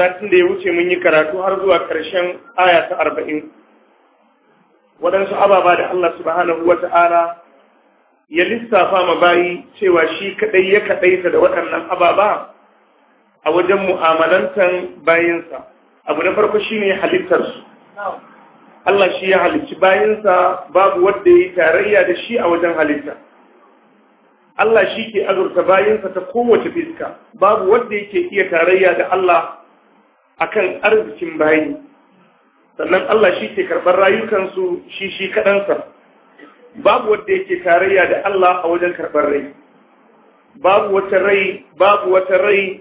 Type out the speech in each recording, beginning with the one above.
satin da ya wuce mun yi karatu har zuwa ƙarshen aya ta arba'in waɗansu ababa da Allah subhanahu wa ta'ala ya lissafa ma bayi cewa shi kaɗai ya kaɗai da waɗannan ababa a wajen mu'amalantan bayinsa abu na farko shine halittarsu Allah shi ya halicci bayinsa babu wanda ya yi tarayya da shi a wajen halitta Allah shi ke azurta bayinsa ta kowace fiska babu wanda yake iya tarayya da Allah akan arzikin bayi sannan Allah shi ke karɓar rayukansu shi shi kaɗansa babu wanda yake tarayya da Allah a wajen karɓar rai babu wata rai babu wata rai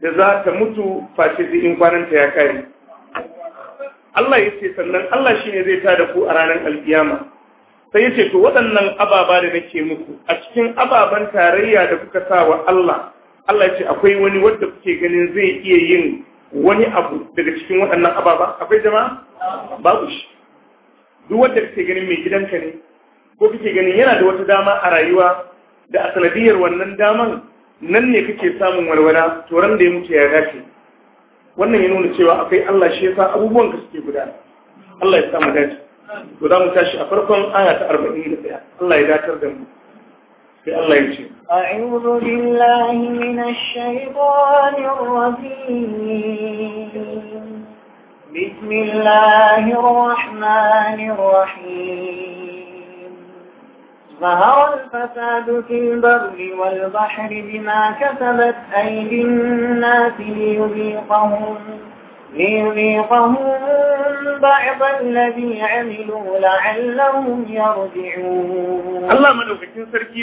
da za ta mutu face da in kwananta ya kare Allah ya sannan Allah shi ne zai tada ku a ranar alkiyama sai yace to waɗannan ababa da nake muku a cikin ababen tarayya da kuka sa wa Allah Allah yace ce akwai wani wanda kuke ganin zai iya yin wani abu daga cikin waɗannan ababa akwai jama'a babu shi duk wanda kake ganin mai gidanka ne ko kake ganin yana da wata dama a rayuwa da a sanadiyar wannan daman nan ne kake samun walwala to ran da ya mutu ya dace wannan ya nuna cewa akwai Allah shi yasa abubuwan ka suke gudana Allah ya sa mu dace to za mu tashi a farkon aya ta 41 Allah ya datar da mu sai Allah ya ce أعوذ بالله من الشيطان الرجيم بسم الله الرحمن الرحيم ظهر الفساد في البر والبحر بما كسبت أيدي الناس ليذيقهم ليذيقهم بعض sarki ya ce يرجعون الله مدوكين سركي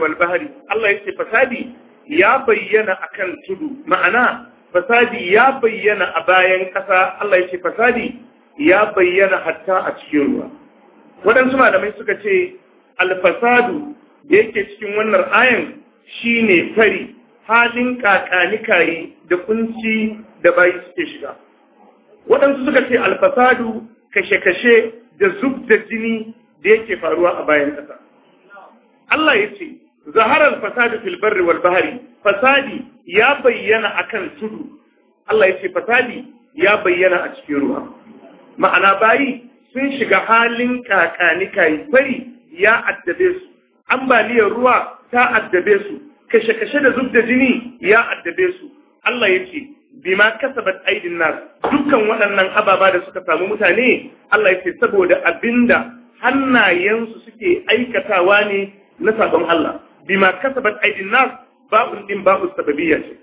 wal bahri Allah ce fasadi ya bayyana akan tudu ma'ana fasadi ya bayyana a bayan kasa Allah ce fasadi ya bayyana hatta a cikin ruwa waɗansu malamai suka ce alfasadu da yake cikin wannan ayan shine fari halin kakanikaye da kunci da bayi suke shiga waɗansu suka ce alfasadu kashe-kashe da zub da jini da yake faruwa a bayan ƙasa Allah ya ce zaharar alfasadu fil barri bahari fasadi ya bayyana a kan tudu Allah ya ce fasadi ya bayyana a cikin ruwa ma'ana bayi sun shiga halin kakanikari fari ya addabe su ambaliyar ruwa ta addabe su kashe-kashe da zub da jini ya addabe su Allah ya ce bima kasabat aidin nas dukkan waɗannan ababa da suka samu mutane Allah ya ce saboda abinda hannayensu suke aikatawa ne na sabon Allah bima kasabat aidin nas babun din babu sababiyya ce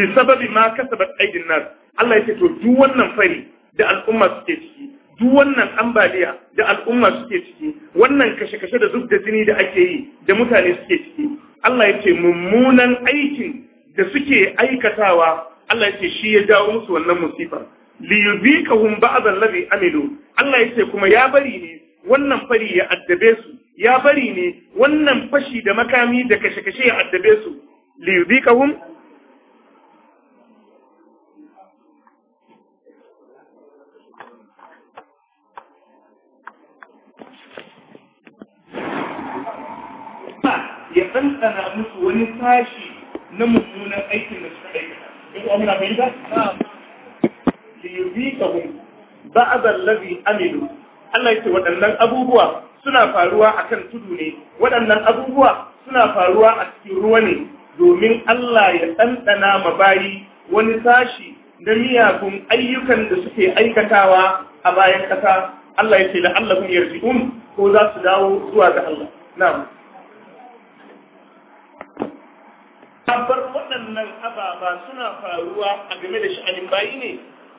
bi sababi ma kasabat aidin nas Allah ya ce to duk wannan fari da al'umma suke ciki duk wannan ambaliya da al'umma suke ciki wannan kashe-kashe da zub da jini da ake yi da mutane suke ciki Allah ya ce mummunan aikin da suke aikatawa Allah ya ce shi ya jawo musu wannan musifar li yuzikahum ba'd allazi amilu Allah ya ce kuma ya bari ne wannan fari ya addabe su ya bari ne wannan fashi da makami da kashe-kashe ya addabe su li yuzikahum ɗanɗana musu wani sashi na mummunan aikin da suka aikata amina liyuzikahum ba'd allazi amilu Allah yake waɗannan abubuwa suna faruwa akan tudu ne waɗannan abubuwa suna faruwa a cikin ruwa ne domin Allah ya ɗanɗana ma bayi wani sashi na miyagun ayyukan da suke aikatawa a bayan ƙasa Allah ya ce la'allahum yarji'un ko za su dawo zuwa ga Allah na'am ba suna faruwa a game da sha'anin bayi ne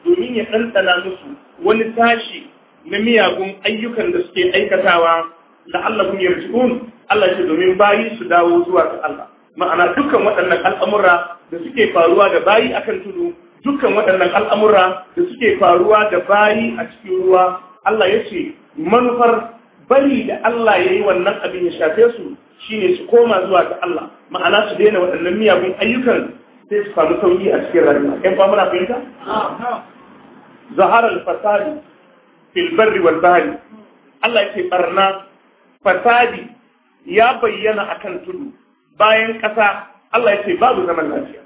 domin ya ɗanɗana musu wani tashi na miyagun ayyukan da suke aikatawa kun yarji'un Allah ce domin bayi su dawo zuwa ga Allah ma'ana dukkan waɗannan al'amura da suke faruwa da bayi akan tudu dukkan waɗannan al'amura da suke faruwa da bayi a cikin ruwa Allah ya ce manufar bari da Allah ya yi wannan abin ya shafe su shine su koma zuwa ga Allah ma'ana su daina waɗannan miyagun ayyukan sai su samu sauki a cikin rayuwa ƴan ba muna fahimta zahara al-fasadi fil barri wal bahri Allah yake barna fasadi ya bayyana akan tudu bayan ƙasa Allah yake babu zaman lafiya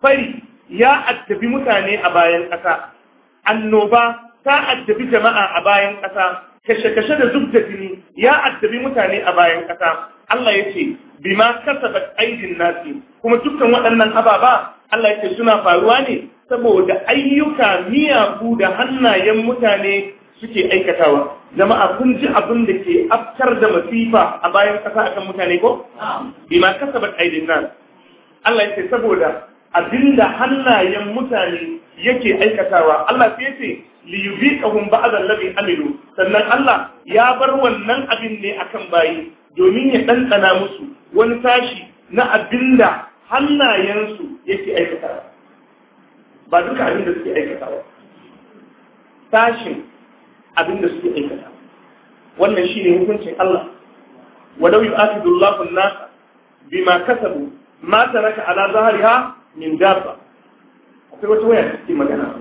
fari ya addabi mutane a bayan ƙasa annoba ta addabi jama'a a bayan ƙasa kashe-kashe da zub da jini ya addabi mutane a bayan ƙasa Allah ya ce bima kasabat aidin nasi kuma dukkan waɗannan ababa Allah yake suna faruwa ne saboda ayyuka miyagu da hannayen mutane suke aikatawa jama'a kun ji abin da ke afkar da masifa a bayan ƙasa akan mutane ko ma kasabat aidin nan Allah yake saboda abinda hannayen mutane yake aikatawa Allah sai yace li yubiqahum ba'd allazi amilu sannan Allah ya bar wannan abin ne akan bayi domin ya dantsana musu wani tashi na abinda hannayensu yake aikatawa ba duka abin da suke aikatawa sashin abin da suke aikatawa wannan shi ne hukuncin Allah Wadau yu'akidu Allahu an-nasa bima kasabu ma taraka ala zahriha min dabba akwai wata waya suke magana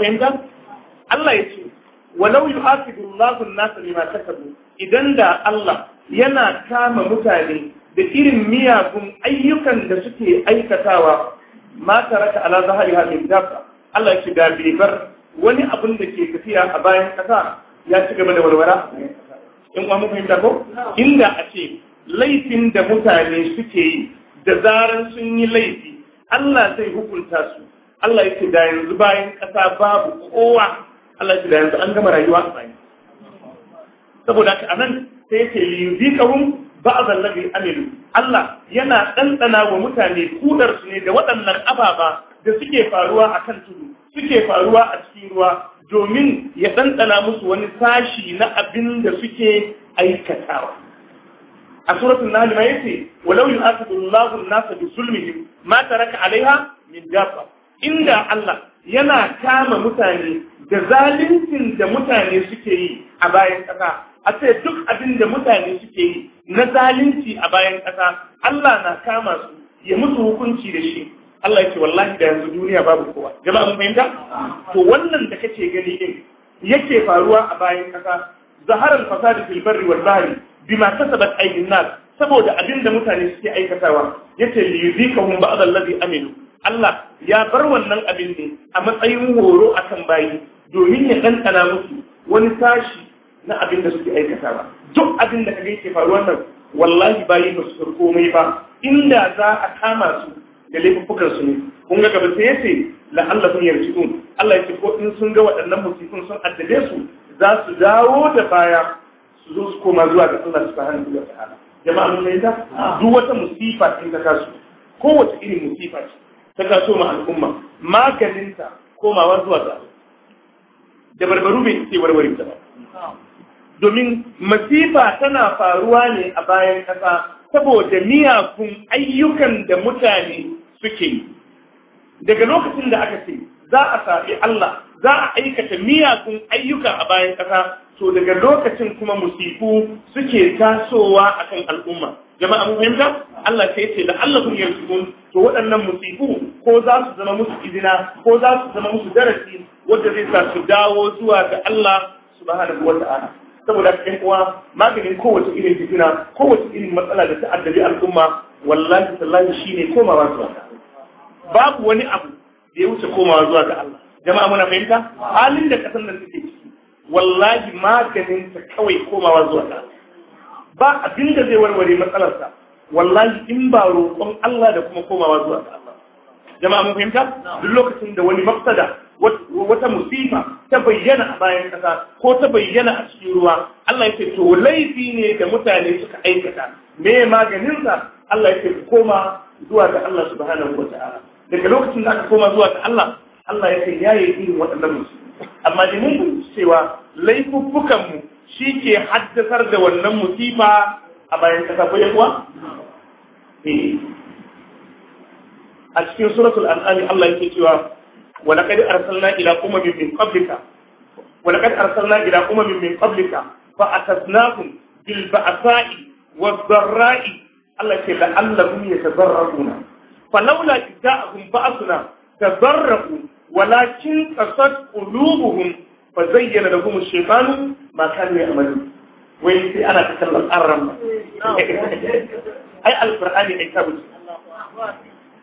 fahimta Allah ya ce walau yu'aqibu Allahu lafin nasa masu idan da Allah yana kama mutane da irin miyagun ayyukan da suke aikatawa ma raka ala zahariha min dafa, Allah ya ce da bai bar wani abin da ke tafiya a bayan kasa ya ci gaba da walwara. in kwamu fahimta ko inda a ce laifin da mutane suke yi da zaran sun yi laifi Allah zai hukunta su Allah ya da yanzu bayan kasa babu kowa Allah yake da yanzu an gama rayuwa a bayan saboda haka anan sai yake yuzikahum ba'd allazi amilu Allah yana ɗanɗana wa mutane kudar su ne da waɗannan ababa da suke faruwa akan tudu suke faruwa a cikin ruwa domin ya ɗanɗana musu wani sashi na abin da suke aikatawa a suratul nahl ma yace walau yu'aqibu Allahu an-nasa bi zulmihim ma taraka 'alayha min dabba inda Allah yana kama mutane da zaluncin da mutane suke yi a bayan ƙasa a ce duk abin da mutane suke yi na zalunci a bayan ƙasa Allah na kama su ya musu hukunci da shi Allah yake wallahi da yanzu duniya babu kowa jama'a mun fahimta to wannan da kake gani din yake faruwa a bayan ƙasa zaharar fasadi fil barri wal bahri bima kasabat aydin nas saboda abin da mutane suke aikatawa yace li yuzikahum ba'd allazi aminu Allah ya bar wannan abin ne a matsayin horo a kan bayi domin ya ɗanɗana musu wani sashi na abin da suke aikata ba duk abin da kaga yake faruwa nan wallahi bayi ba su komai ba inda za a kama su da laifuffukan su ne kun ga gaba sai yace la Allah sun yarci dun Allah ce ko in sun ga waɗannan musifin sun addabe su za su dawo da baya su zo su koma zuwa ga Allah su subhanahu wa ta'ala jama'a mun ta duk wata musifa in ta kasu kowace irin musifa ce ta soma ma al'umma maganinta komawa zuwa ga da barbaru bai ce warware ta ba domin masifa tana faruwa ne a bayan ƙasa saboda miyakun ayyukan da mutane suke yi daga lokacin da aka ce za a saɓi Allah za a aikata miyakun ayyuka a bayan ƙasa to daga lokacin kuma musifu suke tasowa akan al'umma jama'a mun fahimta Allah sai ce la'allakum yarji'un to waɗannan musibu ko za su zama musu izina ko za su zama musu darasi wanda zai sa su dawo zuwa ga Allah subhanahu wa ta'ala saboda kan uwa maganin kowace irin fitina kowace irin matsala da ta addabi al'umma wallahi tallahi shine komawa zuwa ga babu wani abu da ya wuce komawa zuwa ga Allah jama'a muna fahimta halin da kasan nan take ciki wallahi maganin ta kawai komawa zuwa ga Allah ba abin da zai warware matsalarsa wallahi in ba roƙon Allah da kuma komawa zuwa ga Allah jama'a mun fahimta duk lokacin da wani mafsada wata musifa ta bayyana a bayan kasa ko ta bayyana a cikin ruwa Allah ya ce to laifi ne da mutane suka aikata me maganin sa Allah yake ku koma zuwa ga Allah subhanahu wata'ala daga lokacin da aka koma zuwa ga Allah Allah ya ce yaye irin waɗannan musu amma da mun cewa laifuffukan mu shi ke haddasar da wannan musifa a bayan kasa ko yawa eh. a cikin suratul an'am Allah yake cewa wa laqad arsalna ila umamin min qablika wa laqad arsalna ila umamin min qablika fa ataznahum bil ba'sa'i wad dharra'i Allah ce la'allahum yatadarrabuna فلولا جاءهم بأسنا تضرقوا ولكن قصد قلوبهم Ba fa zayyana da kuma shaytanu ma kanu ya amalu wai sai ana ta kallon arran ba ai alqur'ani ai ta wuce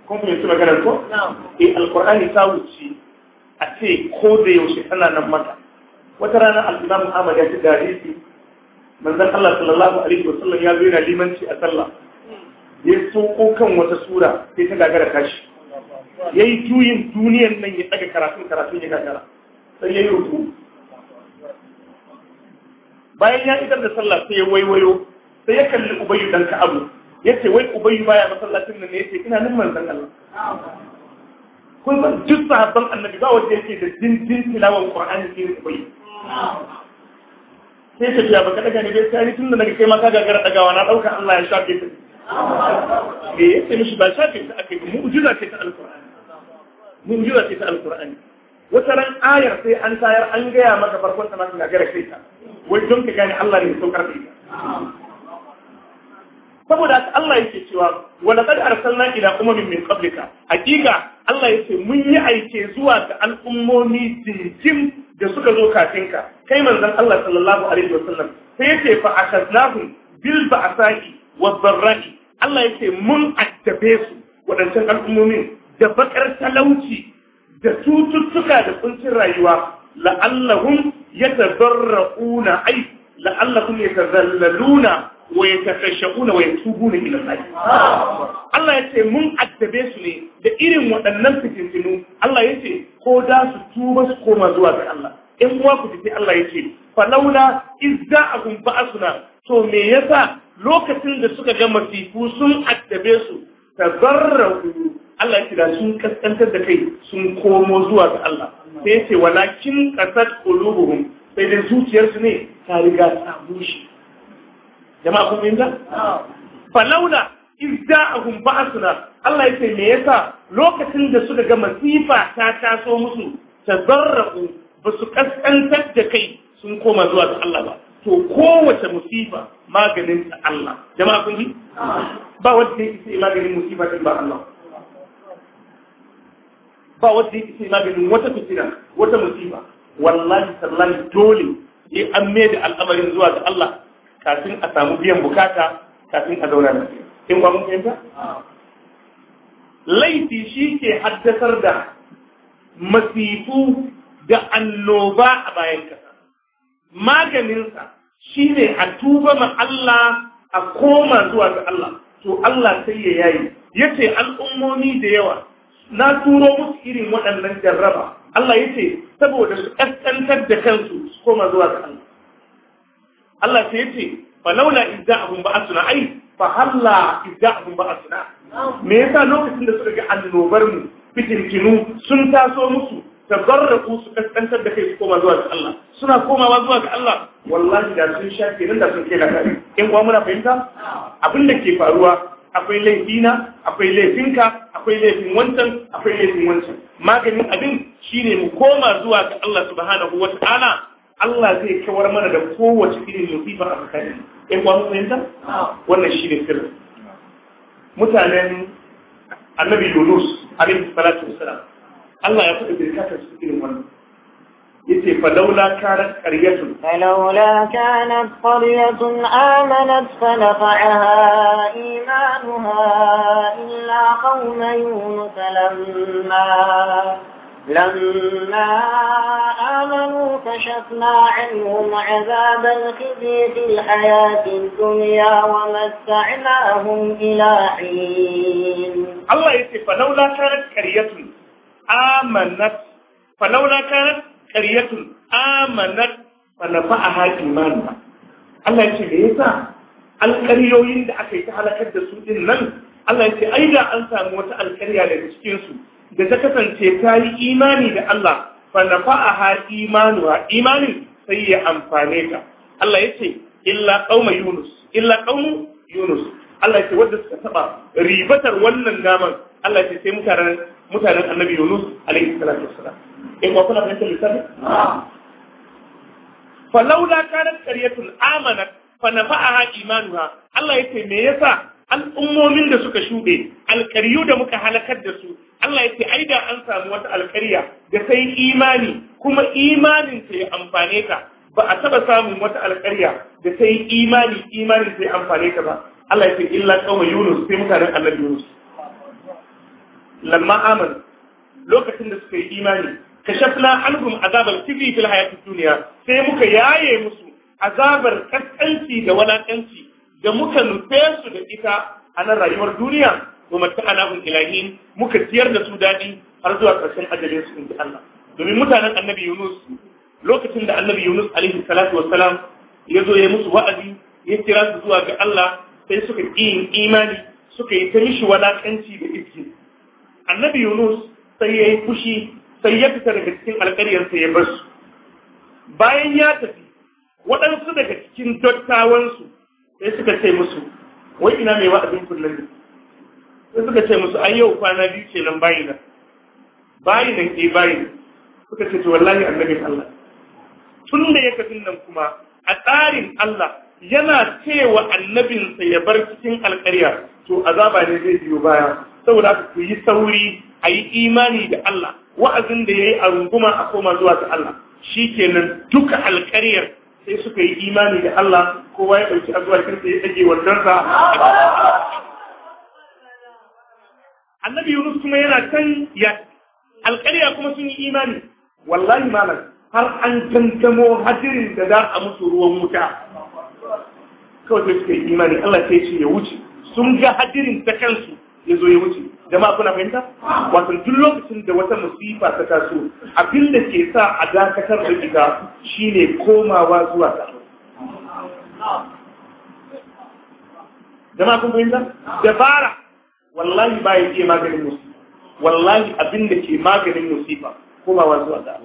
kun fahimci maganar ko eh alqur'ani ta wuce a ce ko da yaushe tana nan mata wata rana al-imam Ahmad ya ci darisi manzon Allah sallallahu alaihi wa wasallam ya zo yana limanci a sallah ya soko kan wata sura sai ta gagara tashi ya yi juyin duniyan nan ya daga karatun karatun ya gagara sai ya yi ruku bayan ya idar da sallah sai ya waiwayo sai ya kalli ubayyu dan ka ka'abu ya ce wai ubayyu baya masallacin nan ne ya ce ina nan manzon Allah kun san duk sahabban annabi ba wanda yake da jinjin tilawan qur'ani sai ubayyu sai ta biya baka daga ne bai sai tun da daga kai ma ka gagara dagawa na dauka Allah ya shafe ta me yace mishi ba shafe ta akai mu'jiza ce ta alqur'ani mu'jiza ce ta alqur'ani wata ran ayar sai an tayar an gaya maka farkon tana a gara kai ta wai don ka gane Allah ne so karfi saboda Allah yake cewa wa laqad arsalna ila umamin min qablika hakika Allah yake mun yi aike zuwa ga al'ummomi jinjin da suka zo kafin ka kai manzon Allah sallallahu alaihi wasallam sai yake fa akaznahum bil ba'sa'i wa dharra'i Allah yake mun addabe su wadancan al'ummomin da bakar talauci da cututtuka da kuncin rayuwa la'allahum yatadarrauna ai la'allahum yatazallaluna wa yatafasha'una wa yatubuna ila Allah Allah ya ce mun addabe su ne da irin waɗannan fitintinu Allah ya ce ko da su tuba su koma zuwa ga Allah in uwa ku ji Allah ya ce falaula izza'ahum ba'asuna to me yasa lokacin da suka ga masifu sun addabe su tazarrau Allah ya da sun kaskantar da kai sun komo zuwa ga Allah sai ya ce walakin qasat qulubuhum sai dai zuciyarsu ne ta riga ta bushe jama'a kun fahimta falaula izda'ahum ba'suna Allah ya ce me yasa lokacin da suka ga masifa ta taso musu tazarrafu ba su kaskantar da kai sun koma zuwa ga Allah ba to kowace musifa maganin ta Allah jama'a kun ji ba wanda ya ce maganin musifa din ba Allah ba yi kisi ma maganin wata fitina wata musiba wallahi sallallahu dole ya an da al'amarin zuwa ga Allah kafin a samu biyan bukata kafin a zauna da shi In ba mun fahimta laifi shi ke haddasar da masifu da annoba a bayan kasa maganinsa shi ne a tuba ma Allah a koma zuwa ga Allah to Allah sai ya yayi yace al'ummomi da yawa na turo musu irin waɗannan jarraba Allah ya ce saboda su ƙasƙantar da kansu su koma zuwa ga Allah Allah sai ya ce fa laula idza abun asuna, ai fa halla idza abun asuna. me yasa lokacin da suka ga annobar mu fitintinu sun taso musu tabarraku su ƙasƙantar da kai su koma zuwa ga Allah suna komawa zuwa ga Allah wallahi da sun shafe nan da sun kai na kai in kuma muna fahimta abinda da ke faruwa akwai laifina akwai laifinka akwai laifin wancan akwai laifin wancan maganin abin shine mu koma zuwa ga Allah subhanahu wata'ala Allah zai kawar mana da kowace irin musiba a kai ɗan kwa mun fahimta wannan shine sirri mutanen annabi Yunus alaihi salatu wassalam Allah ya faɗi birkatar su irin wannan يتي فلولا كانت قرية فلولا كانت قرية آمنت فنفعها إيمانها إلا قوم يونس لما لما آمنوا كشفنا عنهم عذاب الخزي في الحياة الدنيا ومتعناهم إلى حين الله يتي فلولا كانت قرية آمنت فلولا كانت qaryatun amanat falafa'aha imanuha Allah ya ce me yasa alƙaryoyin da aka yi ta halakar da su din nan Allah ya ce ai da an samu wata alƙarya daga cikin su da ta kasance ta yi imani da Allah falafa'aha imanuha imanin sai ya amfane ta Allah ya ce illa qauma yunus illa qaumu yunus Allah ya ce wanda suka taɓa ribatar wannan naman Allah ce sai mutanen mutanen annabi Yunus alaihi salatu wassalam eh ko kuna fahimtar lissafi fa laula kanat qaryatun amanat fa nafa'aha imanuha Allah yake me yasa al'ummomin da suka shuɗe alƙaryu da muka halakar da su Allah ya ce ai da an samu wata alƙarya da sai imani kuma imanin ta ya amfane ta ba a taɓa samun wata alƙarya da sai imani imanin ta ya amfane ta ba Allah ya ce illa kauma Yunus sai mutanen Allah Yunus lamma amanu lokacin da suka yi imani kashe kashafna anhum azabar kifi fil hayatid duniya, sai muka yaye musu azabar kaskanci da walakanci da muka nufe su da ita a nan rayuwar duniya wa mata'anahum ilahin muka ciyar da su daɗi har zuwa karshen ajalin su inda Allah domin mutanen annabi Yunus lokacin da annabi Yunus alaihi salatu wassalam ya zo ya musu wa'azi ya kira su zuwa ga Allah sai suka ƙi imani suka yi ta mishi walakanci da iski annabi yunus sai ya yi fushi sai ya fita daga cikin alƙaryarsa ya basu bayan ya tafi waɗansu daga cikin dattawansu sai suka ce musu wai ina mai abin kullum ne sai suka ce musu an yau kwana biyu ce nan bayi nan bayi nan ke eh, bayi suka ce to wallahi annabin Allah tun da ya tafi nan kuma a tsarin Allah yana cewa annabinsa ya bar cikin alƙarya to azaba ne zai biyo baya saboda haka ku yi sauri a yi imani da Allah wa'azin da ya yi a runguma a koma zuwa ga Allah shi kenan duka alƙaryar sai suka yi imani da Allah kowa ya ɗauki azuwa kirsa ya ɗage wandonsa annabi Yunus kuma yana can ya alƙarya kuma sun yi imani wallahi malam har an tantamo hadirin da za a musu ruwan wuta kawai sai suka yi imani Allah sai ce ya wuce sun ga hadirin ta kansu ya zo ya wuce jama'a kuna fahimta wato duk lokacin da wata musifa ta taso abin da ke sa a dakatar da ita shine komawa zuwa ta jama'a kun fahimta Da fara. wallahi ba ya ke maganin musifa wallahi abin da ke maganin musifa komawa zuwa ta.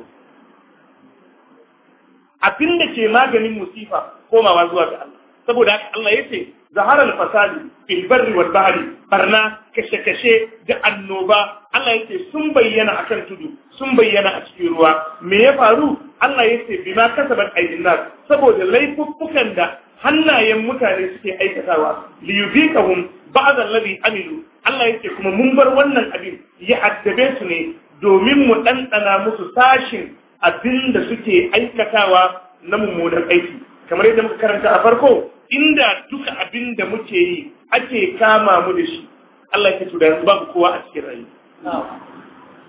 abin da ke maganin musifa komawa zuwa ga Allah saboda haka Allah ce. ظهر الفساد في البر والبحر Barna Kashe-kashe da annoba Allah yake sun bayyana a kan tudu sun bayyana a cikin ruwa me ya faru Allah yake bima kasabat aydin nas saboda laifuffukan da hannayen mutane suke aikatawa li yubikahum ba'd alladhi amilu Allah yake kuma mun bar wannan abin ya addabe su ne domin mu ɗanɗana musu sashin abinda suke aikatawa na mummunan aiki kamar yadda muka karanta a farko inda duka abin da muke yi ake kama mu da shi Allah ya da yanzu babu kowa a cikin rayu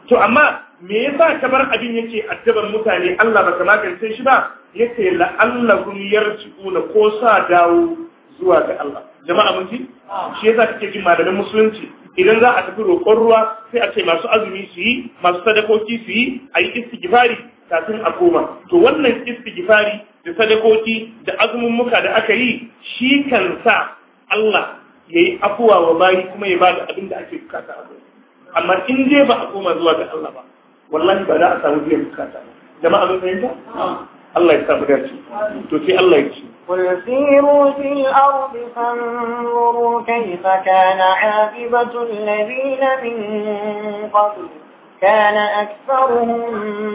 to amma me yasa kamar abin yake addaban mutane Allah baka magance shi ba yace la'allahum yarji'una ko sa dawo zuwa ga Allah jama'a mun ji shi yasa kake jin malamin musulunci idan za a tafi roƙon ruwa sai a ce masu azumi su yi masu sadakoki su yi a yi istighfari kafin a koma to wannan istighfari da sadakoki da azumummuka da aka yi shi kan sa Allah ya yi afuwa wa bayi kuma ya ba da abin da ake bukata a amma in je ba a koma zuwa ga Allah ba wallahi ba za a samu biyan bukata ba jama'a mun fahimta Allah ya samu dace to sai Allah ya ce قل سيروا في الأرض فانظروا كيف كان عاقبة الذين من قبل كان أكثرهم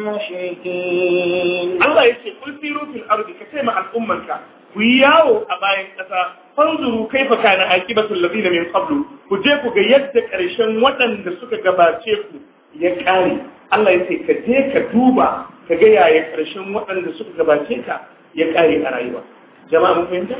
مشركين الله يسير قل سيروا في الأرض كتيمة عن أمك وياو أباين أتا فانظروا كيف كان عاقبة الذين من قبل وجيكو جيدك أريشان وطن دسوك جباتيكو يكاري Allah ya ce, Ka je ka duba, ka gaya ya ƙarshen waɗanda suka gabace ka ya ƙare a rayuwa. Jama'a mun fahimta?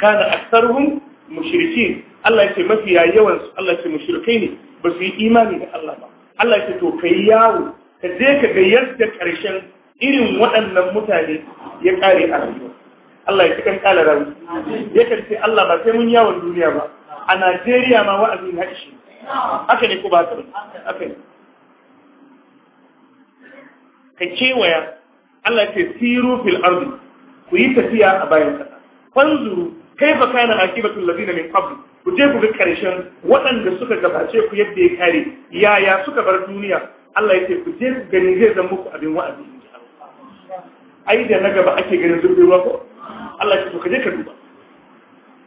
Ka da aksarhun mushirki, Allah ya ce mafiya yawan Allah ya ce mushirkai ne, ba su yi imani da Allah ba. Allah ya to kai yawo ka je ka ga yadda ƙarshen irin waɗannan mutane ya ƙare a rayuwa Allah ya cikin ƙala rayu ya ce Allah ba sai mun yawon duniya ba a Najeriya ma wa'azi na ishe. haka ne ku ba ta haka ne ka kewaya Allah ya ce siru fil ardi ku yi tafiya a bayan ƙasa. fanzuru kaifa kana akibatul ladina min qabl ku je ku ga karshen waɗanda suka gabace ku yadda ya kare yaya suka bar duniya Allah ya ce ku je ku gani zai zama muku abin wa'azi ai da na gaba ake ganin Allah ya ce ka duba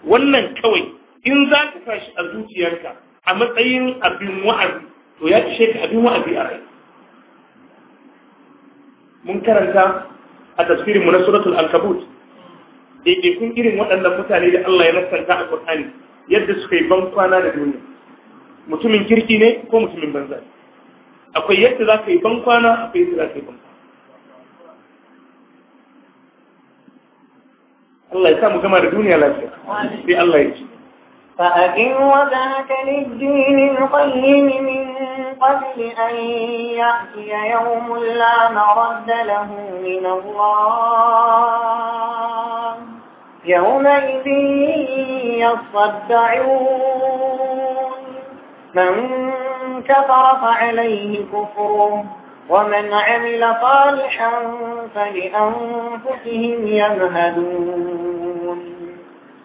wannan kawai in za ka tashi a zuciyarka a matsayin abin wa'azi to ya ishe ka abin wa'azi a rai mun karanta a tasirin mu na suratul al-kabut kun irin waɗannan mutane da Allah ya nasanta a Qur'ani yadda suka yi ban kwana da duniya mutumin kirki ne ko mutumin banza akwai yadda za ka yi ban kwana akwai yadda za ka yi ban Allah ya sa mu gama da duniya lafiya sai Allah ya ce فأقم وجهك للدين القيم من قبل أن يأتي يوم لا مرد له من الله يومئذ يصدعون من كفر فعليه كفره ومن عمل صالحا فلأنفسهم يمهدون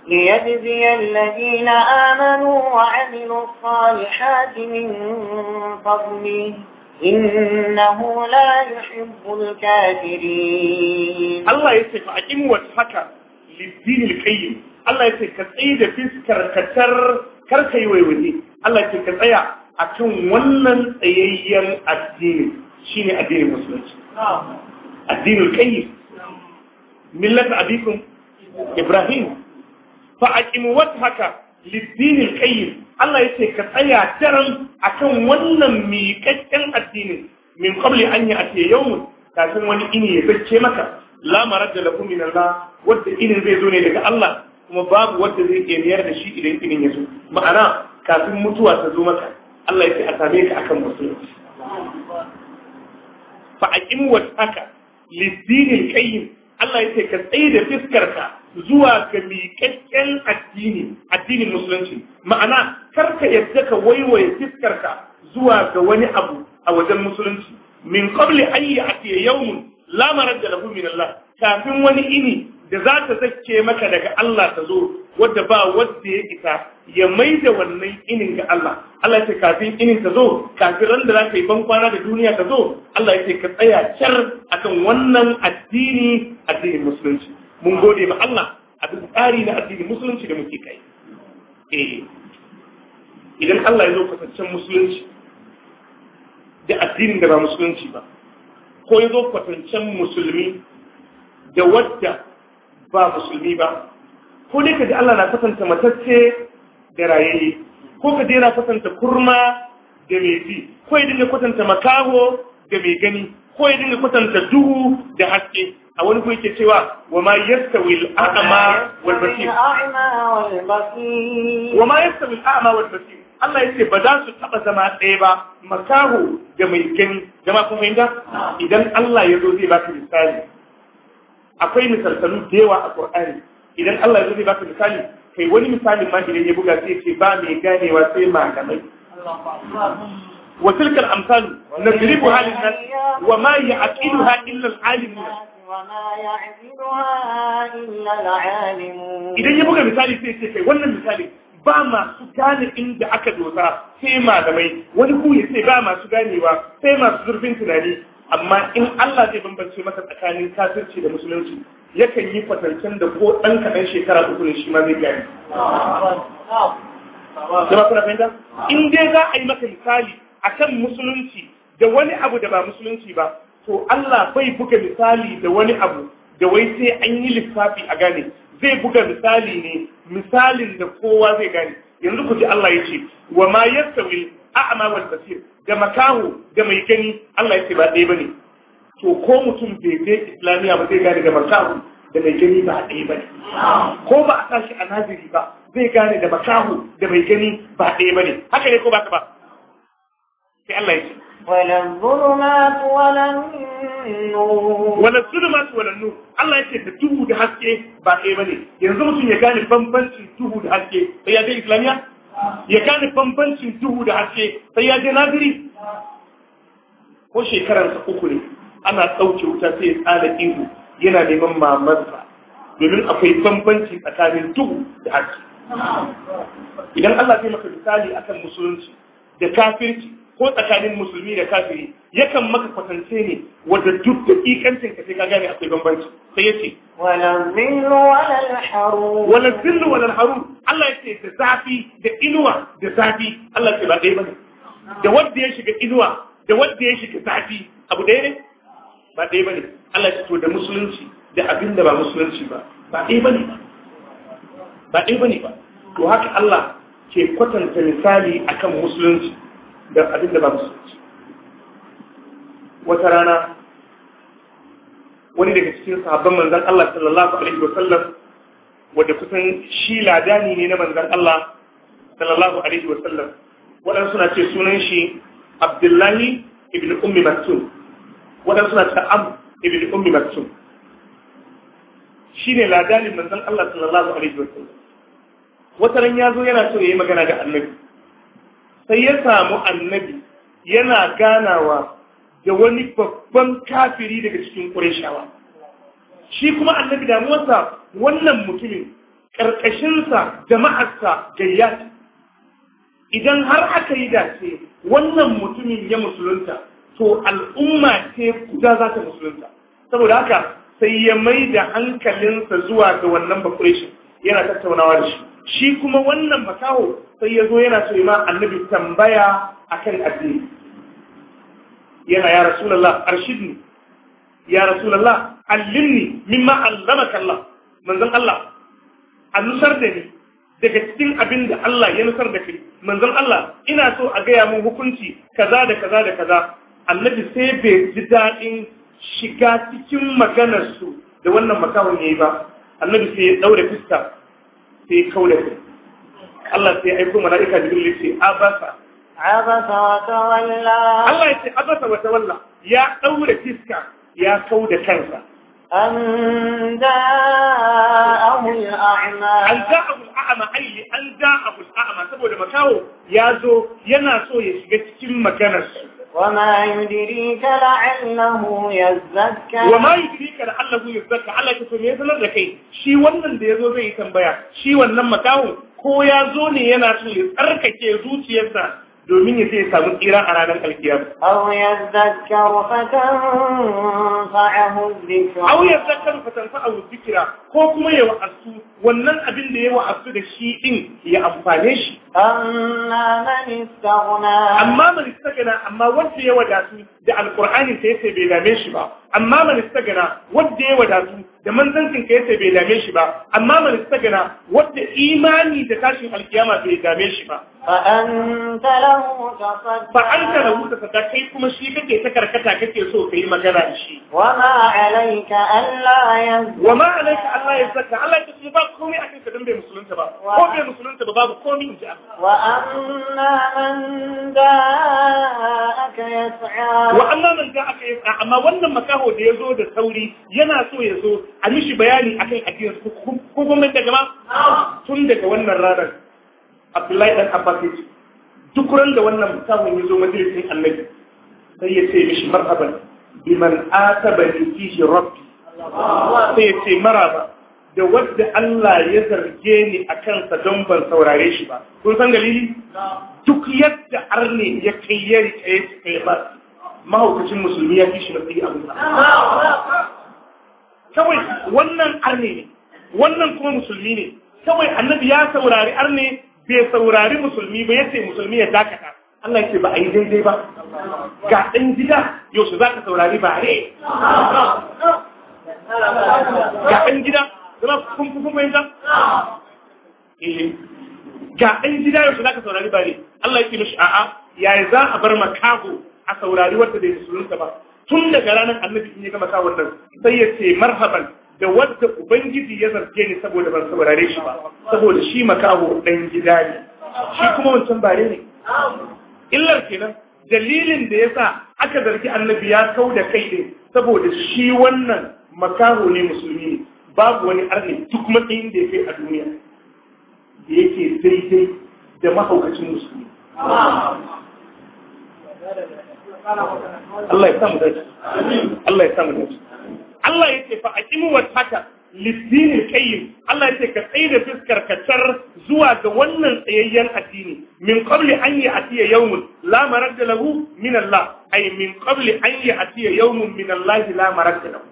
ليجزي الذين آمنوا وعملوا الصالحات من فضله إنه لا يحب الكافرين الله يسفع أجموة حكا liddin alqayyim Allah ya ce ka tsaye da fiskar katar kar kai waiwaye Allah ya ce ka tsaya akan wannan tsayayyen addini shine addinin musulunci addinin qayyim millat abikum ibrahim fa aqimu wajhaka liddin alqayyim Allah ya ce ka tsaya daren akan wannan miƙaƙƙen addinin min qabli an ya'ti kafin wani ini ya bacce maka la maradda Allah wanda irin zai zo ne daga Allah kuma babu wanda zai iya miyar da shi idan inin ya zo ma'ana kafin mutuwa ta zo maka Allah ya ce a same ka akan musulunci fa aqim wajhaka lid-din qayyim Allah ya ce ka tsaye da fiskarka zuwa ga miƙaƙƙen addini addinin musulunci ma'ana karka yadda ka waiwaye fiskarka zuwa ga wani abu a wajen musulunci min qabli an ya'tiya yawmun la maradda lahu min Allah kafin wani ini da za ta zakke maka daga Allah ta zo wadda ba wadda ya isa ya mai da wannan inin ga Allah Allah ce kafin inin ta zo kafin ran da za ka yi bankwana da duniya ta zo Allah ya ce ka tsaya car akan wannan addini addinin musulunci mun gode ma Allah a duk tsari na addinin musulunci da muke kai eh idan Allah ya zo kwatancen musulunci da addinin da ba musulunci ba ko ya zo kwatancen musulmi da wadda ba musulmi ba ko dai ka ji Allah na kasanta matacce da rayayye ko ka yana kwatanta kurma da mai ji ko ya dinga kwatanta makaho da mai gani ko ya dinga kwatanta duhu da haske a wani kuma yake cewa wa ma yastawi al-a'ma wal basir wa ma yastawi al-a'ma wal basir Allah yace ba za su taba zama ɗaya ba makaho da mai gani jama'a kun fahimta idan Allah ya zo zai baka misali akwai misalsalu da yawa a Qur'ani idan Allah ya zai baka misali kai wani misalin ma idan ya buga sai ce ba mai ganewa sai malamai wa tilkal amsal nadribu halin nan, wa ma ya'qiluha illa al-alimun idan ya buga misali sai ce kai wannan misali ba masu gane inda aka dosa sai ma malamai wani ku ya ce ba masu ganewa sai masu zurfin tunani amma in Allah zai bambance masa tsakanin kafirci da musulunci yakan yi kwatancen da ko ɗan kaɗan shekara uku ne shi ma zai gani. kuna fahimta? In dai za a yi maka misali a kan musulunci da wani abu da ba musulunci ba, to Allah bai buga misali da wani abu da wai sai an yi lissafi a gane, zai buga misali ne misalin da kowa zai gane. Yanzu ku ji Allah ya ce, wa ma yastawi a'ma wal basir ga makahu ga mai gani Allah ya ce ba ɗaya bane to ko mutum bai je islamiya ba zai gane da makahu da mai gani ba ɗaya bane ko ba a tashi a naziri ba zai gane da makahu da mai gani ba ɗaya bane haka ne ko ba ka ba sai Allah ya ce wala الظلمات tu wala nu Allah ya ce da duhu da haske ba ɗaya bane yanzu mutum ya gane bambancin duhu da haske sai ya je islamiya ya gane bambancin duhu da haske sai ya je naziri ko shekaransa uku ne ana ɗauke wuta sai ya tsara ihu yana neman mamarsa domin akwai bambanci tsakanin duhu da haske idan Allah zai maka misali akan musulunci da kafirci ko tsakanin musulmi da kafiri yakan maka kwatance ne wadda duk dakikancin ka sai ka gane akwai bambanci sai yace wala zillu wala harum wala zillu wala haru. Allah ya yace da zafi da inuwa da zafi Allah ce ba dai bane da wanda ya shiga inuwa da wanda ya shiga zafi abu dai ne ba dai bane Allah ya to da musulunci da abin da ba musulunci ba ba dai bane ba ba dai bane ba to haka Allah ke kwatanta misali akan musulunci da abin da ba musulunci wata rana wani daga cikin sahabban manzan Allah sallallahu alaihi wasallam wadda kusan shi ladani ne na manzan Allah sallallahu alaihi wasallam waɗansu suna ce sunan shi Abdullahi ibn Ummi Maktum waɗansu suna ce Am ibn Ummi Maktum shi ne ladanin manzan Allah sallallahu alaihi wasallam wata ran ya zo yana so ya yi magana ga annabi sai ya samu annabi yana ganawa da wani babban kafiri daga cikin ƙurishawa. shi kuma annabi damuwarsa wannan mutumin ƙarƙashinsa jama'arsa gayyati idan har aka yi dace wannan mutumin ya musulunta to al'umma ce kuda za ta musulunta saboda haka sai ya mai da hankalinsa zuwa ga wannan bakureshin yana tattaunawa da shi shi kuma wannan makaho sai ya zo yana so ma annabi tambaya akan addini yana ya rasulullah arshidni ya rasulullah allimni mimma allamaka Allah manzon Allah a nusar da ni daga cikin abin da Allah ya nusar da kai manzon Allah ina so a gaya mun hukunci kaza da kaza da kaza annabi sai bai ji daɗin shiga cikin maganar su da wannan makawon yayi ba annabi sai ya daure fuska sai ya kaula Allah sai ya aiko mala'ika Jibril sai abasa abasa wa tawalla Allah yace abasa wa tawalla ya daure fiska ya kau da kansa anda amul a'ma alja'ul a'ma ayi alja'ul a'ma saboda makawo yazo yana so ya shiga cikin maganar وما يدريك لعله يزكى وما يدريك لعله يزكى على كتب يزل الركي شي ونن دي يزو زي تنبيا شي ya مكاو كو يزوني ينا شو يزركك يزوتي يزا domin ya sai samu tsira a ranar alkiyar. Au ya zakar fatan fa'ahu zikira ko kuma ya wa'asu wannan abin da ya wa'asu da shi din ya amfane shi amma man istagana amma wanda ya wadatu da alqur'ani sai sai bai dame shi ba amma man istagana wanda ya wadatu da manzancin ka yace bai dame shi ba amma man istagana wanda imani da tashin alkiyama bai dame shi ba fa anta lahu tasadda fa anta lahu kai kuma shi kake takarkata kake so kai magana da shi wa ma alayka alla yazka wa ma alayka alla yazka Allah ya ce ba komai a kanka dan bai musulunta ba ko bai musulunta ba babu komai in ji wa amma man ja'aka yas'a amma wannan makaho da ya zo da sauri yana so ya zo a mishi bayani akan ajiyar su ko kuma da jama'a tun daga wannan ranar Abdullahi dan Abbas yace duk ran da wannan mutumin yazo majalisin Annabi sai ya yace mishi marhaban biman atabani fihi rabbi sai mara ba. da wadda Allah ya zarge ni a kansa don ban saurare shi ba kun san dalili duk yadda arne ya kai ya rike ya ba mahaukacin musulmi ya fi shi matsayi abin sa kawai wannan arne ne wannan kuma musulmi ne kawai annabi ya saurari arne bai saurari musulmi ba Ya ce musulmi ya dakata Allah ce ba a yi daidai ba ga ɗan gida yau su za ka saurari ba ne ga ɗan gida kun kun fahimta eh ga ɗan gida yau za ka saurari bare Allah yake mishi a'a yayi za a bar makago a saurari wanda bai musulunta ba tun daga ranar annabi in ya gama sa wannan sai ya ce marhaban da wadda ubangiji ya zarge ni saboda ban saurare shi ba saboda shi makaho ɗan gida ne shi kuma wancan bare ne illar kenan dalilin da yasa aka zargi annabi ya kau da kai ne saboda shi wannan makaho ne musulmi ne babu wani arni duk matsayin da ya kai a duniya da yake daidai da mahaukacin musulmi Allah ya samu dace Allah ya samu dace Allah ya ce fa aqimu wajhaka lid-din qayyim Allah ya ce ka tsaye da fiskar ka tar zuwa ga wannan tsayayyen addini min qabli an ya'tiya yawmun la maradda lahu min Allah ay min qabli an ya'tiya yawmun min Allah la maradda lahu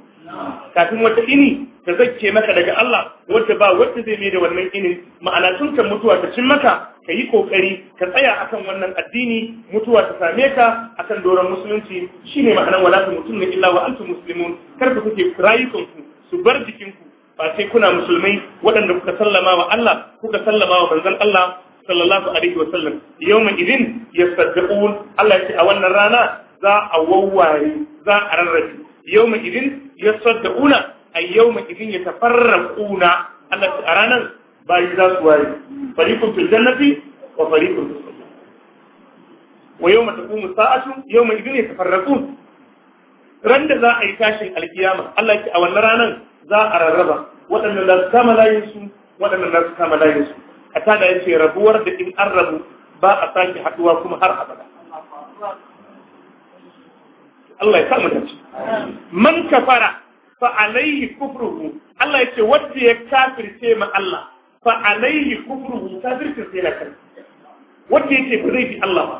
kafin wata ini da zakke maka daga Allah wanda ba wanda zai mai da wannan inin ma'ana tun kan mutuwa ta cin maka ka yi kokari ka tsaya akan wannan addini mutuwa ta same ka akan doron musulunci shine ma'anar wala ta ne illa wa antum muslimun kar ku kuke rayukan ku su bar jikin ku ba sai kuna musulmai waɗanda kuka sallama wa Allah kuka sallama wa manzon Allah sallallahu alaihi wa sallam yawman idin yasaddiqun Allah ya ce a wannan rana za a wawware za a rarrabe yawman idin yasaddiquna a yau ma idin ya tafarra kuna Allah a ranar bayi za su waye farikun fil jannati wa farikun fil wa yau ma tafi sa'atu yau ma idin ya tafarra tafarraqun ran da za a yi tashin alkiyama Allah ya ce a wannan ranar za a rarraba waɗannan za su kama layinsu waɗannan za su kama layinsu a tada ya ce rabuwar da in an rabu ba a sake haɗuwa kuma har abada Allah ya samu dace man kafara fa alaihi kufruhu Allah yace wanda ya kafirce ma Allah fa alaihi kufruhu kafirce sai na kai wanda yace ba zai bi Allah ba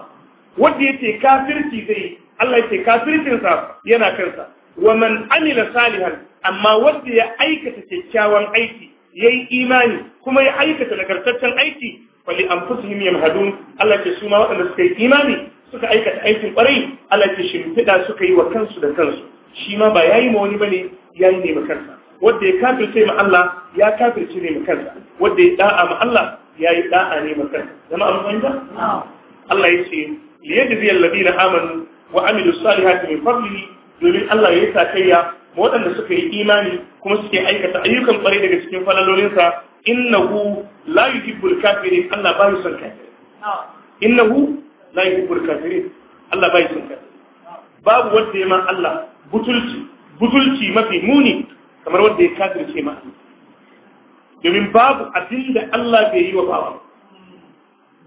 wanda yace kafirci zai Allah yace kafircin sa yana kansa wa man amila salihan amma wanda ya aikata kyakkyawan aiki yayi imani kuma ya aikata nagartaccen aiki fa li anfusihim yamhadun Allah yace su ma waɗanda suka yi imani suka aikata aikin ƙwarai Allah yace shimfiɗa suka yi wa kansu da kansu shi ma ba yayi ma wani bane ya yi ne ma kansa wanda ya kafirce ma Allah ya kafirce ne ma kansa wanda ya da'a ma Allah ya yi da'a ne ma kansa zama an fahimta Allah ya ce liyajzi alladhina amanu wa amilu salihati min fadlihi domin Allah ya yi sakayya waɗanda suka yi imani kuma suke aikata ayyukan kwarai daga cikin falalolinsa innahu la yuhibbul kafirin Allah ba son kafirin innahu la yuhibbul kafirin Allah ba son kafirin babu wanda ya ma Allah butulci butulci mafi muni kamar wanda ya kafirce ma domin babu abin da Allah bai yi wa bawa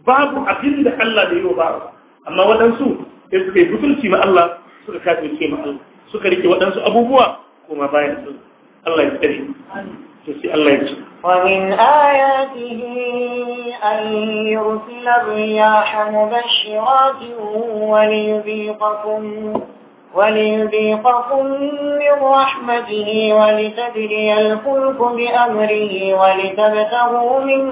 babu abin da Allah bai yi wa bawa amma waɗansu da suka yi butulci ma Allah suka kafirce ma Allah suka rike waɗansu abubuwa kuma bayan su Allah ya tsare to sai Allah ya ce ومن آياته أن يرسل الرياح مبشرات وليذيقكم وليذيقكم من رحمته ولتجري الفلك بأمره ولتبتغوا من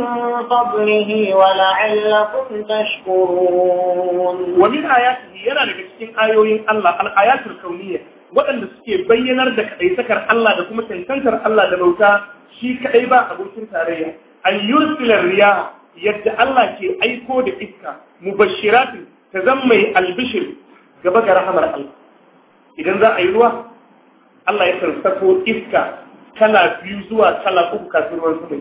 فضله ولعلكم تشكرون ومن آياته يرى لكتين آيوين الله الآيات الكونية waɗanda suke bayyanar da kaɗaitakar Allah da kuma tantantar Allah da bauta shi kaɗai ba abokin tarayya an yursilar riya yadda Allah ke aiko da iska mubashiratin ta zan mai albishir gaba ga rahamar Allah idan za a yi ruwa Allah ya sarsako iska kala biyu zuwa kala uku kafin ruwan sama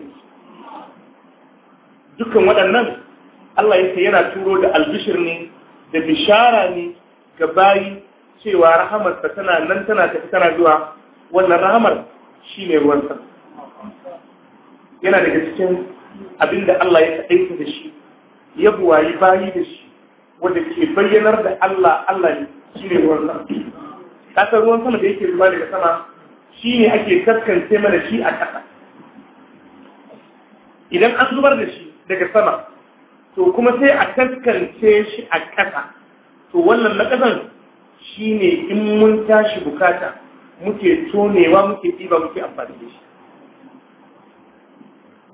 dukkan waɗannan Allah ya sai yana turo da albishir ne da bishara ne ga bayi cewa ta tana nan tana tafi tana zuwa wannan rahamar ne ruwan sama yana daga cikin abin da Allah ya taɗaita da shi ya buwayi bayi da shi wanda ke bayyanar da Allah Allah ne shine ruwan sama kasar ruwan sama da yake ruwa daga sama shi ne ake kaskance mana shi a ƙasa idan an zubar da shi daga sama to kuma sai a kaskance shi a ƙasa to wannan na ƙasan shi ne in mun tashi bukata muke tonewa muke ɗiba muke amfani da shi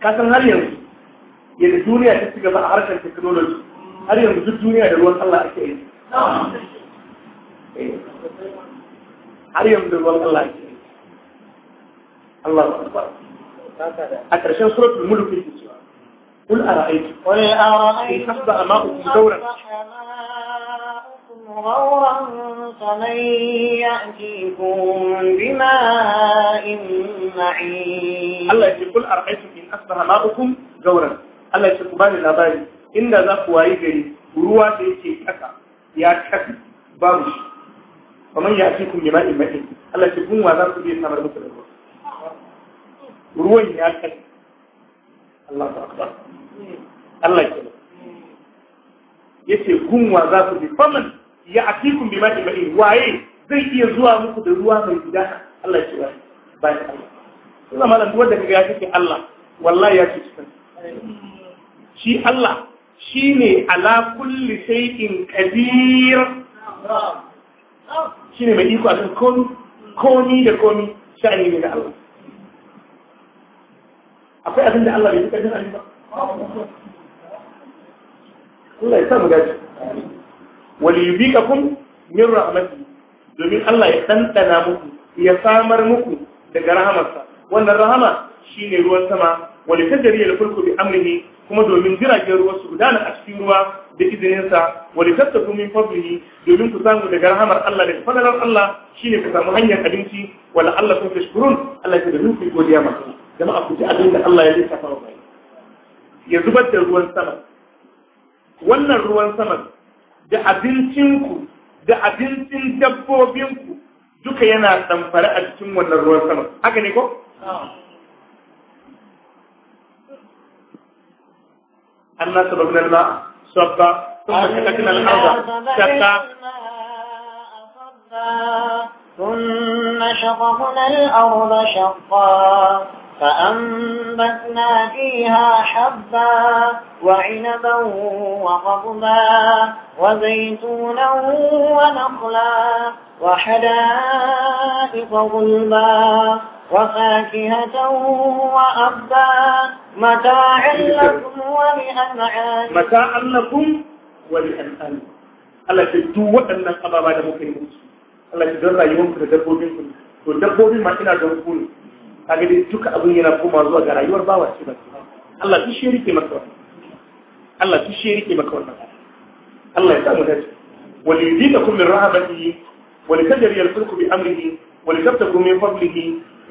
kasan har yanzu yadda duniya ta ci gaba a harkar technology har yanzu duk duniya da ruwan Allah ake yi har yanzu ruwan Allah ke Allah a ƙarshen suratul yake cewa Allah ya ce ku bani labari inda za ku wayi gari ruwa da yake kasa ya kasa babu shi ya wa kun ya'tikum bima'in mahin Allah ce kun za su iya samar muku da ruwa ruwan ya kan Allah ta akbar Allah ke yace kun wa za ku bi faman ya'tikum bima'in mahin waye zai iya zuwa muku da ruwa mai gida? Allah ce wa ba ni Allah suna malam duk wanda kaga ya kike Allah wallahi ya ce cikin shi Allah shine ala kulli shay'in qadir ne mai iko akan komi komi da komi sha'ani ne da Allah akwai abin da Allah bai duka jin ba Allah ya sa mu gaji wal yubikakum min rahmati domin Allah ya ɗanɗana muku ya samar muku daga rahamarsa wannan rahama shi ne ruwan sama wal tajri al fulku bi amrihi kuma domin jiragen ruwa su gudana a cikin ruwa da izininsa wani li domin min domin ku samu daga rahamar Allah daga fadalar Allah ne ku samu hanyar abinci wala Allah sun tashkurun Allah ya domin ko godiya masa jama'a ku ji abin da Allah ya lissafa wa bai ya zubar da ruwan sama wannan ruwan sama da abincinku da abincin dabbobinku duka yana damfare a cikin wannan ruwan sama haka ne ko An سببنا الماء صبا أهلكنا الأرض سبا ثم شققنا الأرض شقا فأنبتنا فيها حبا وعنبا وقضبا وزيتونا ونخلا وحدائق غلبا وفاكهة وأبا متاعا لكم wani متاعا لكم Allah ce duk waɗannan ababa da muka yi musu Allah ce don rayuwarku da dabbobin to dabbobin ma ina don ku ne kaga dai duka abin yana koma zuwa ga rayuwar bawa ce ba Allah duk shi rike maka wannan Allah duk shi rike maka wannan Allah ya samu dace وليزيدكم من رهبته ولتجري الفلك بأمره ولتبتكم من فضله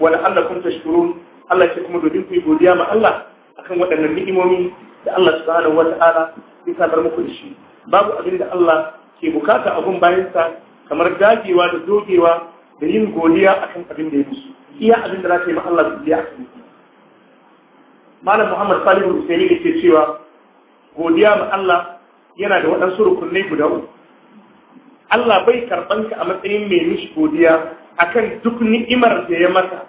ولعلكم تشكرون Allah ce kuma domin ku godiya ma Allah akan waɗannan ni'imomi da Allah subhanahu wata'ala ya sabar muku da shi babu abin da Allah ke bukata a gun bayansa kamar dagewa da dogewa da yin godiya akan abin da ya musu iya abin da za ta yi ma Allah su biya akan Malam Muhammad Salihu Usaini da ke cewa godiya ma Allah yana da waɗansu rukunai guda uku Allah bai karɓan ka a matsayin mai mishi godiya akan duk ni'imar da ya mata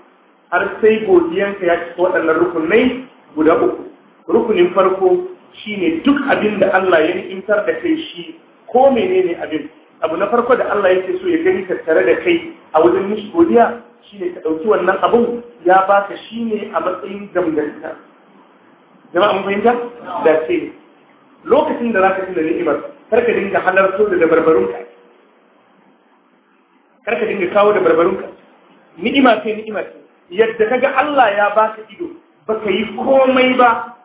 har sai godiyanka ya ci waɗannan rukunai guda uku rukunin farko shine duk abin da Allah ya ni'imtar da kai shi ko menene abin abu na farko da Allah yake so ya gani tattare da kai a wajen mishi godiya shine ka ɗauki wannan abun ya baka shine a matsayin gamgarta jama'a mun fahimta da ce lokacin da zaka tuna ni'imar kar ka dinga halarto da dabarbarunka kar ka dinga kawo ka ni'ima ce ni'ima ce yadda kaga Allah ya baka ido baka yi komai ba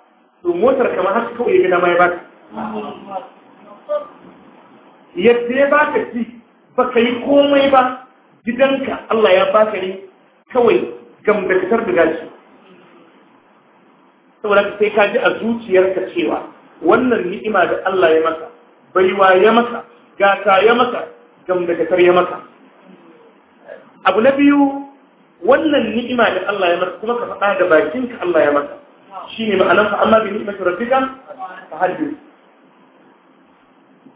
su motar kamar haka kawai ya mai ba ka yadda ya baka ci baka yi komai ba gidanka Allah ya baka ne kawai gambatar da gashi saboda sai kaji ji a zuciyarka cewa wannan ni'ima da Allah ya maka baiwa ya maka gata ya maka gambatar ya maka abu na biyu wannan ni'ima da Allah ya maka kuma ka faɗa da bakinka Allah ya maka shine ma'anar fa amma bi ni'mati rabbika fa hadith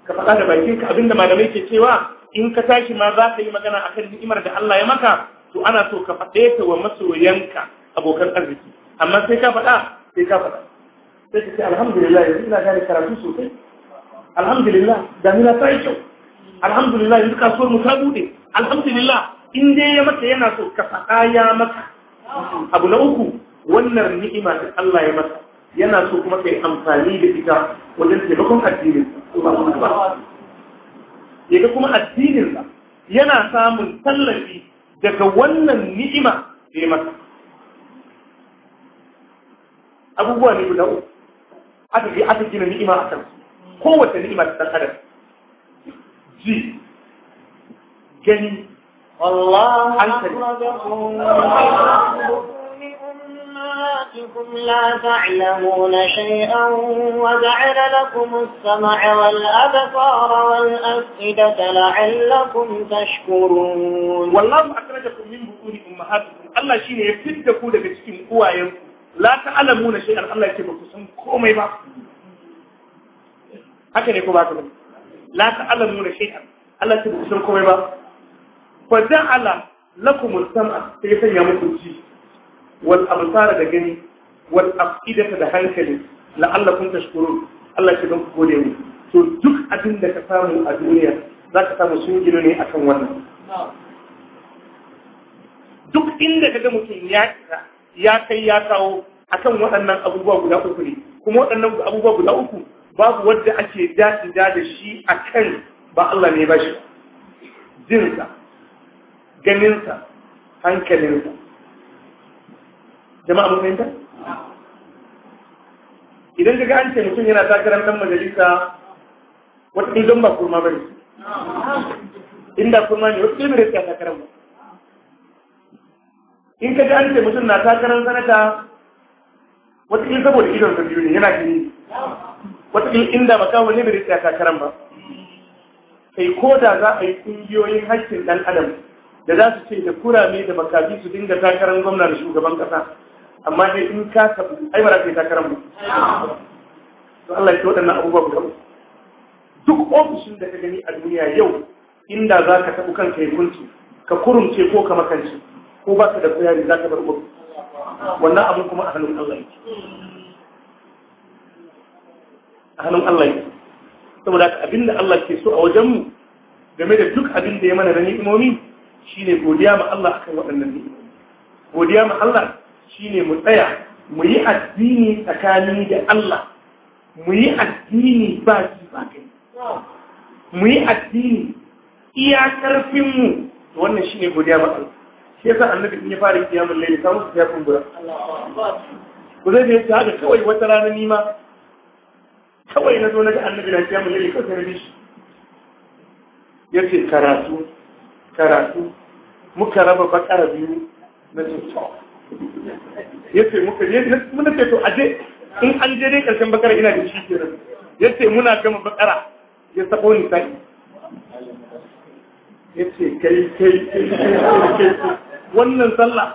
ka faɗa da bakinka abinda malamai ke cewa in ka tashi ma za ka yi magana akan ni'imar da Allah ya maka to ana so ka faɗe ta wa masoyanka abokan arziki amma sai ka faɗa sai ka faɗa sai ka ce alhamdulillah yanzu ina gane karatu sosai alhamdulillah damina ta yi kyau alhamdulillah yanzu kasuwar mu ta bude alhamdulillah in ya mata yana so ka faɗa ya mata. abu na uku wannan ni'ima da Allah ya mata. yana so kuma kai amfani da ita wajen taimakon addinin ya ga kuma addinin yana samun tallafi daga wannan ni'ima da ya mata. abubuwa ne guda uku aka je aka gina ni'ima a kansu kowace ni'ima ta ɗan adam ji gani والله أخرجكم لأمهاتكم لا تعلمون شيئا وجعل لكم السمع والأبصار والأفئدة لعلكم تشكرون والله أخرجكم من بطون أمهاتكم الله شيء يفيد كودة بسكين قوائم لا تعلمون شيئا الله يتبقى سنكم يبقى haka ne ko ba ta la ta'lamuna shay'an Allah ta fajan ala lakumul sam'a sai ya sanya muku ji wal absara da gani wal afidata da hankali la'allakum tashkurun Allah ya don ku gode mu to duk abin da ka samu a duniya za ka samu sun gino ne akan wannan duk inda ka ga mutum ya ya kai ya kawo akan waɗannan abubuwa guda uku ne kuma waɗannan abubuwa guda uku babu wadda ake daɗi da shi akan ba Allah ne ba shi jinsa ganinsa hankalinsa jama'a mun idan ka ga an mutum yana takarar dan majalisa wata ɗin ba kurma bane inda kurma ne wata ɗin bai takarar ba in ka ji an mutum na takarar sanata ɗin saboda idon ka biyu ne yana gini ɗin inda ba kawo ne bai rika takarar ba sai ko da za a yi ƙungiyoyin haƙƙin ɗan adam da za su ce da kurame da makabi su dinga takarar gwamna da shugaban kasa amma dai in ka tabu ai ba za ka yi takarar mu to Allah ya ce waɗannan abubuwa guda duk ofishin da ka gani a duniya yau inda za ka tabu kanka ya kunci ka kurumce ko ka makance ko ba ka da koyari za ka bar ofis wannan abin kuma a hannun Allah yake a hannun Allah yake saboda abinda Allah ke so a wajenmu game da duk abin da ya mana da ni'imomi shine godiya ma Allah akan waɗannan ni'imomi godiya ma Allah shine mu tsaya mu yi addini tsakani da Allah mu yi addini ba ji ba kai mu yi addini iya karfin mu wannan shine godiya ma Allah shi yasa annabi in ya fara kiyamul layli ta musu ya kumbura ku zai ne haka kawai wata rana nima kawai na zo na ga annabi na kiyamul layli kawai na bi shi yace karatu karatu muka raba bakara biyu na tuttawa ya ce muka je muna ce to aje in an je dai karshen bakara ina da shi ke nan ya ce muna gama bakara ya sako ni sai ya ce kai kai kai kai wannan sallah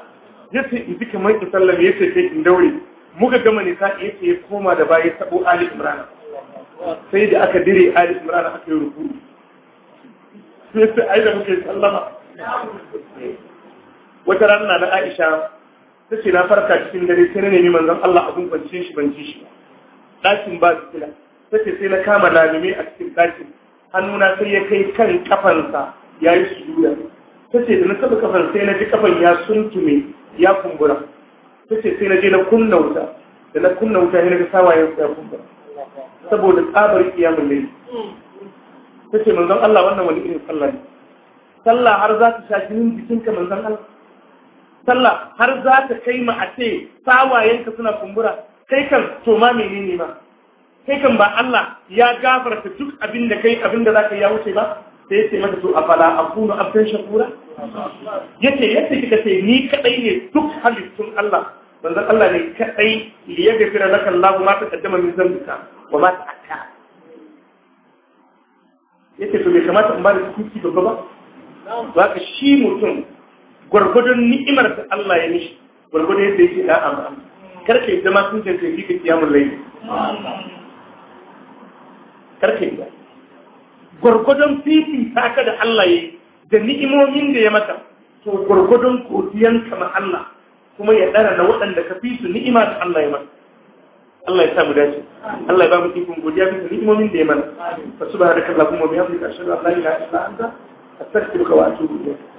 ya ce in fika kamar ki sallah ya ce kai in daure muka gama ne sai ya ce ya koma da baya sabo Ali Imran sai da aka dire Ali Imran aka yi rubutu sai sai ai da muke sallama wata rana na Aisha ta ce na farka cikin dare sai na nemi manzan Allah abun kwance shi ban ci shi ɗakin ba fitila ta ce sai na kama lalume a cikin ɗakin hannuna sai ya kai kan kafansa ya yi sujuda ta ce da na taɓa kafan sai na ji kafan ya suntume ya kumbura ta ce sai na je na kunna wuta da na kunna wuta ne na ga sawayen ya kumbura saboda tsabar kiyamun laifi ta ce manzon Allah wannan wani irin sallah ne sallah har za ta sha jinin jikinka manzon Allah sallah har za ta kai ma a ce sawayenka suna kumbura kai kan to ma menene ma kai kan ba Allah ya gafarta duk abin da kai abin da zaka ya wuce ba sai ce mata to a fala a kuno abdan shakura yace yadda kika ce ni kadai ne duk halittun Allah manzon Allah ne kadai li yaghfira laka Allah ma taqaddama min dhanbika wa ma ta'akkara yake to bai kamata in ba da tuki babba ba za ka shi mutum gwargwadon ni'imar da Allah ya mishi gwargwadon yadda yake da amma karka yadda ma sun janta fi ka mun laifi karka yadda gwargwadon fifi ta ka da Allah ya yi da ni'imomin da ya mata to gwargwadon godiyanka ma Allah kuma ya dara na waɗanda ka fi su ni'ima da Allah ya mata Allah ya sa dace Allah ya ba mu ikon godiya bisa ni'imomin da ya mana fa subhanaka allahumma wa bihamdika ashhadu an la ilaha illa anta astaghfiruka wa atubu ilayk